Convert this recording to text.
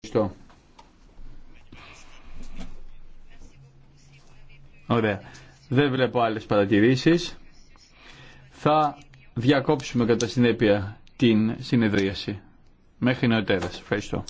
Ευχαριστώ. Ωραία. Δεν βλέπω άλλες παρατηρήσεις. Θα διακόψουμε κατά συνέπεια την συνεδρίαση. Μέχρι νεοτέρας. Ευχαριστώ.